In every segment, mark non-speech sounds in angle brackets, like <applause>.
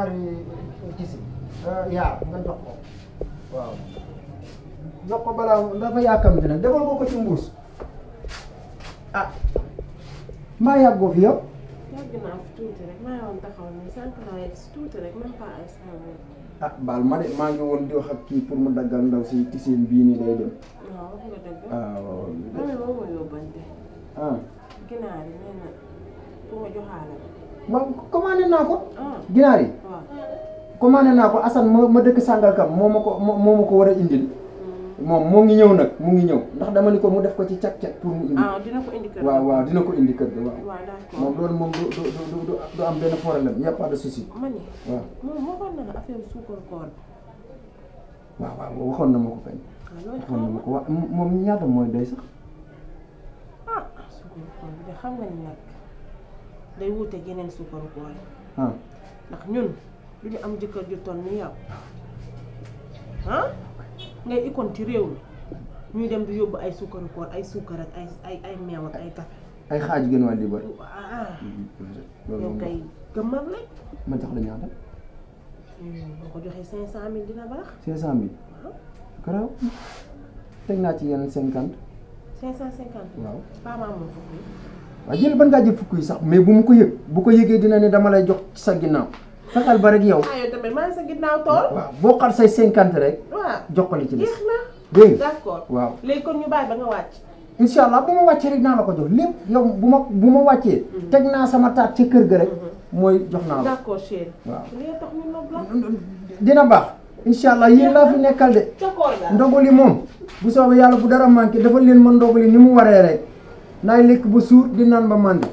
ñaari euh, yaar nga jox ko waaw jox ko balaa dafa yàkkamti nag defal ko ko ci mbuus ah maa yàggoo fi yow. yàgg naa fi tuuti rek maa ngi woon taxaw nii sànq naa yegg si tuuti rek même pas ay cent mètres. ah baal ma de kii pour mu daggal ndaw si tiseen bii nii day dem. waaw wax nga dëgg. ah waaw waaw. man ma yóbbante. Ah. ginaar yi nee na pour ma joxaale. man commandé naa ko. Ah. ginaar yi. Ah. commandé naa ko assan ma ma dëkk Sangalkam moo ma ko moo ma ko war a indil. Hmm. moom moo ngi ñëw nag mu ngi ñëw ndax dama ni ko mu def ko ci càq càq pour mu indi. Ah, dina ko indi waaw waaw dina ko indi kër ga waaw. moom loolu a pas de souci. man de moom waxoon na waxoon na ma ko kañ. waxoon na ma ko waaw moom ñaata mooy doy sax. xam nga ni day wuuteeg yeneen suukaru koor yi. Ah. ndax ñun du ñu am jëkkër ju toll ni yow ah ngay ikoon ci réew ñuy dem di yóbbu ay suukaru koor ay suukar ay ay ay ay café. ay xaaj gën waa di bëri. waaw yow gëmmal rek. ma jox la ñaata. Hmm, boo ko joxee cinq cent mille dina baax. cinq cent mille. waaw. garaaw naa ci yeneen cinquante. cinq cent cinquante. waaw paa maa waaw jël ba ngaa jël fukk yi sax mais bu mu ko yëg bu ko yëgee dina ne dama lay jox sa ginnaaw fexeel ba rek yow. ah yow tamit maa ngi sa ginnaaw tool. waaw boo xar say cinquante rek. waaw jox li ci des. dégg nga waaw. léegi kon ñu bàyyi ba nga wàcc. incha allah bu ma wàccee rek naa la ko jox lépp yow bu ma bu ma wàccee. Mhm. teg naa sama taat ci kër gi rek. Mhm. mooy jox naa la d'accord tax ñu nopp dina baax. incha allah yéen laa fi nekkal de. ndogali moom. bu soobee yàlla bu dara manqué dafa leen mën ndogali ni mu waree rek naay lekk bu suur di naan ba màndi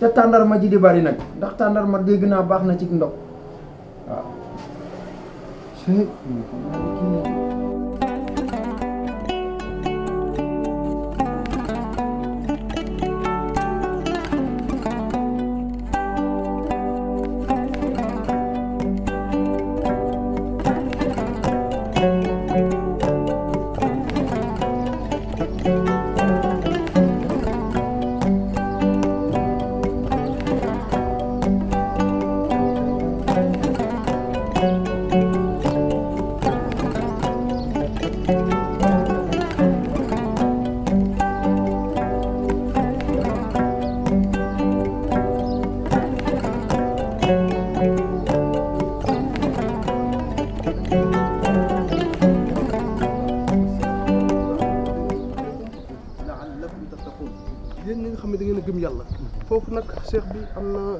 te tàndarma ji di bari nag ndax tàndarma dégg naa baax na cig ndox waaw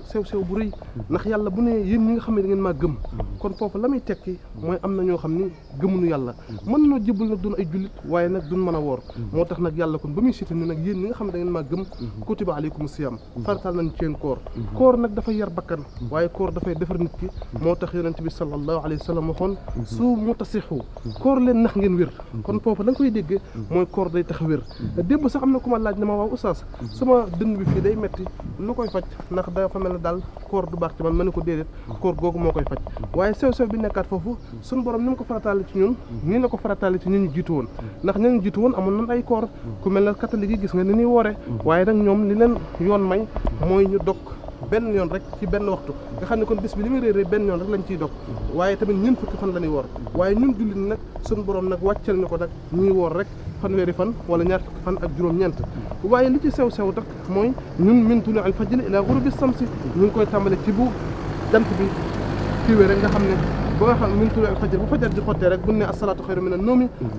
sew sew bu rëy ndax yàlla bu ne yéen ñi nga xam ne da ngeen maa gëm kon foofu la muy tekki mooy am na ñoo xam ni gëmuñu yàlla mën noo jébal nag duñ ay jullit waaye nag duñ mën a woor moo tax nag yàlla kon ba muy sita ni nag yéen ñi nga xam ne da ngeen maa gëm kutiba aleykum siyam fartal nañ seen koor koor nag dafay yar bakkan waaye koor dafay defar nit ki moo tax yonente bi sallallahu alayhi wa sallam waxoon su mu tasixu koor leen nax ngeen wér kon foofu la nga koy dégg mooy koor day tax wér démb sax am na ku ma laaj na ma waaw oustaz sama dënn bi fii day metti lu koy mel ne daal koor du baax ci man ma ne ko déedéet koor googu moo koy faj waaye sew sew bi nekkaat foofu suñu borom ni mu ko farataale ci ñun nii la ko farataale ci ñu ñu jiitu woon ndax ñu ñu jiitu woon amoon nan ay koor ku mel ne catholique yi gis nga ni ñuy woore waaye nag ñoom li leen yoon may mooy ñu dog benn yoon rek ci benn waxtu nga xam ne kon bis bi li muy réeré benn yoon rek lañ ciy dog waaye tamit ñeent fukki fan la ñuy woor waaye ñun jullit ñi nag suñu borom nag wàccal ñu ko nag ñuy woor rek fan fanweeri fan wala ñaar fan ak juróom-ñeent waaye li ci sew sew nag mooy ñun min tulu al fajr ila ghurubi samsi ñu ngi koy tàmbale ci bu jant bi fiiwee xam ne ba nga xam min tulu al fajr bu fajar di xottee rek bu ne asalaatu xayru mina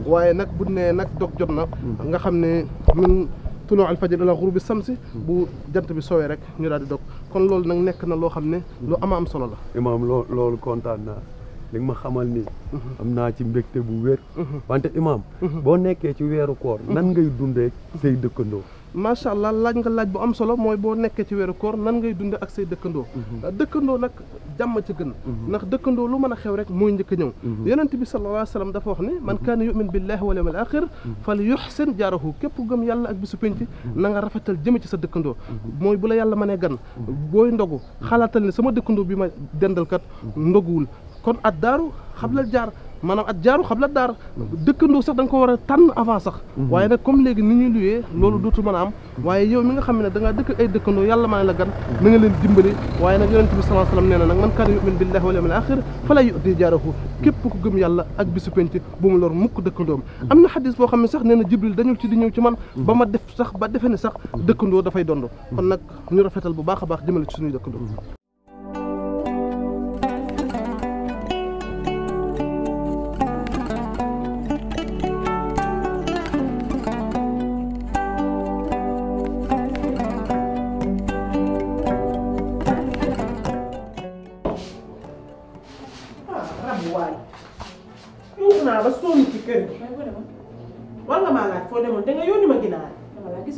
waaye nag bu ne nag dog jot na nga xam ne min tulu al fajr ila ghurubi samsi bu jant bi soowee rek ñu daal di dog kon loolu nag nekk na loo xam ne lu ama am solo la imaam loo loolu kontaan naa li ma xamal nii mhm. am naa ci mbégte bu wér mhm. wante imaam mhm. boo nekkee ci weeru koor nan ngay dundee say dëkkandoo macha allah laaj nga laaj bu am solo mooy boo nekkee ci weeru koor nan ngay dund ak say dëkkandoo mhm. ah, dëkkandoo nag jàmm ci gën mhm. ndax dëkkandoo lu mën a xew rek mooy njëkk a ñëw mhm. yonent bi sallallahu alayhi wa sallam dafa wax ne man kaana yumin billahi wal yawmil axir fal yuhsin jaarahu képp ku yàlla ak bisu penc na nga rafetal jëme ci sa dëkkandoo mooy bu la yàlla mënee gan booy ndogu xalaatal ne sama dëkkandoo bi ma dendalkat ndoguwul kon at daaru xablal jaar maanaam at jaaru xam la daar dëkkandoo sax da nga ko war a tànn avant sax mhm. waaye nag comme léegi ni ñuy luyee loolu mhm. dootu mën a am waaye yow mi nga xam ne danga ngaa dëkk ay dëkkandoo yàlla maa ne la gan na leen dimbali waaye nag yonent bi sallallahu alayhi wasallam nee na nag man kaana yu'min billahi wal yawmil akhir fala yu'di jaarahu képp ku gëm yàlla ak bisu penc bu mu lor mukk dëkkandoom mhm. am na xadis boo xam ne sax ne na jibril dañul ci di ñëw ci man ba ma def sax ba defe ne sax dëkkandoo dafay dond kon nag ñu bu baax a baax jëmale ci suñuy dëkkandoo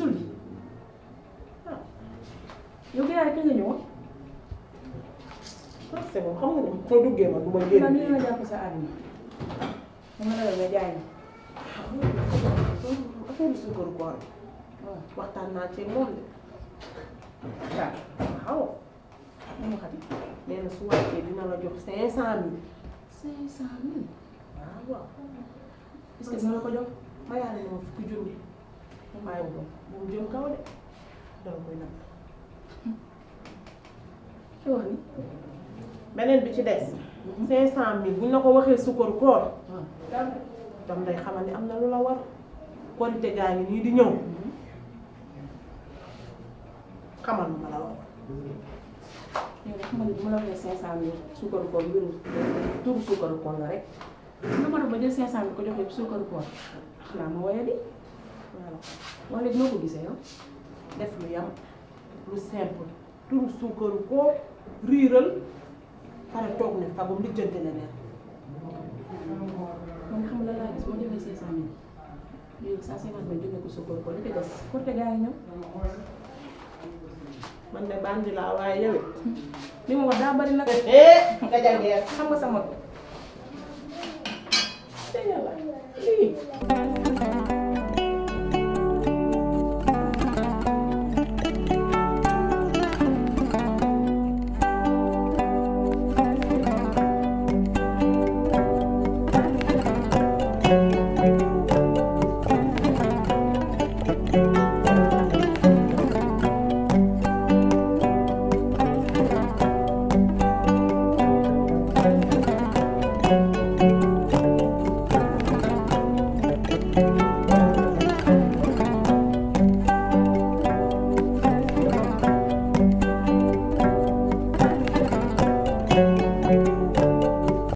yu ah yow gars yi kañ la ñëwoon ah c'est bon xam nga ne foo duggee ma du ma génn. man mii ma jàpp sa àdduna ma la nga jaay ma. waaw affaire bi sukkaru koor waxtaan naa ci moom de na su wàccee dina la jox cinq cent mille. cinq cent mille ma yàlla ne ma fukki waaye bu bu jëm kaw de dama koy nag ci wax beneen bi ci des cinq cent mille bu ñu la ko waxee sukkaru dam day xamal ni am na lu la war korite gaa ngi nii di ñëw xamal ma la war yow de xamal ni bu ma la waxee cinq cent mille sukkaru ko yooyu turu sukkaru koor rek nga mën a ba jël cinq cent mille ko joxee sukkaru koor xanaa ma woye di naa la ko wax léegi noo ko def lu yam turu suukaru koo riiral pare toog ne fagum lijjante na man xam la laa gis moo demee cinq cent mille léegi cent cinquante mille jëndee ko suukaru koo li ci des côté man de bandi laa waaye yow it li ma wax daa bari nag <laughs> eh, nga jàngee xam te yàlla lii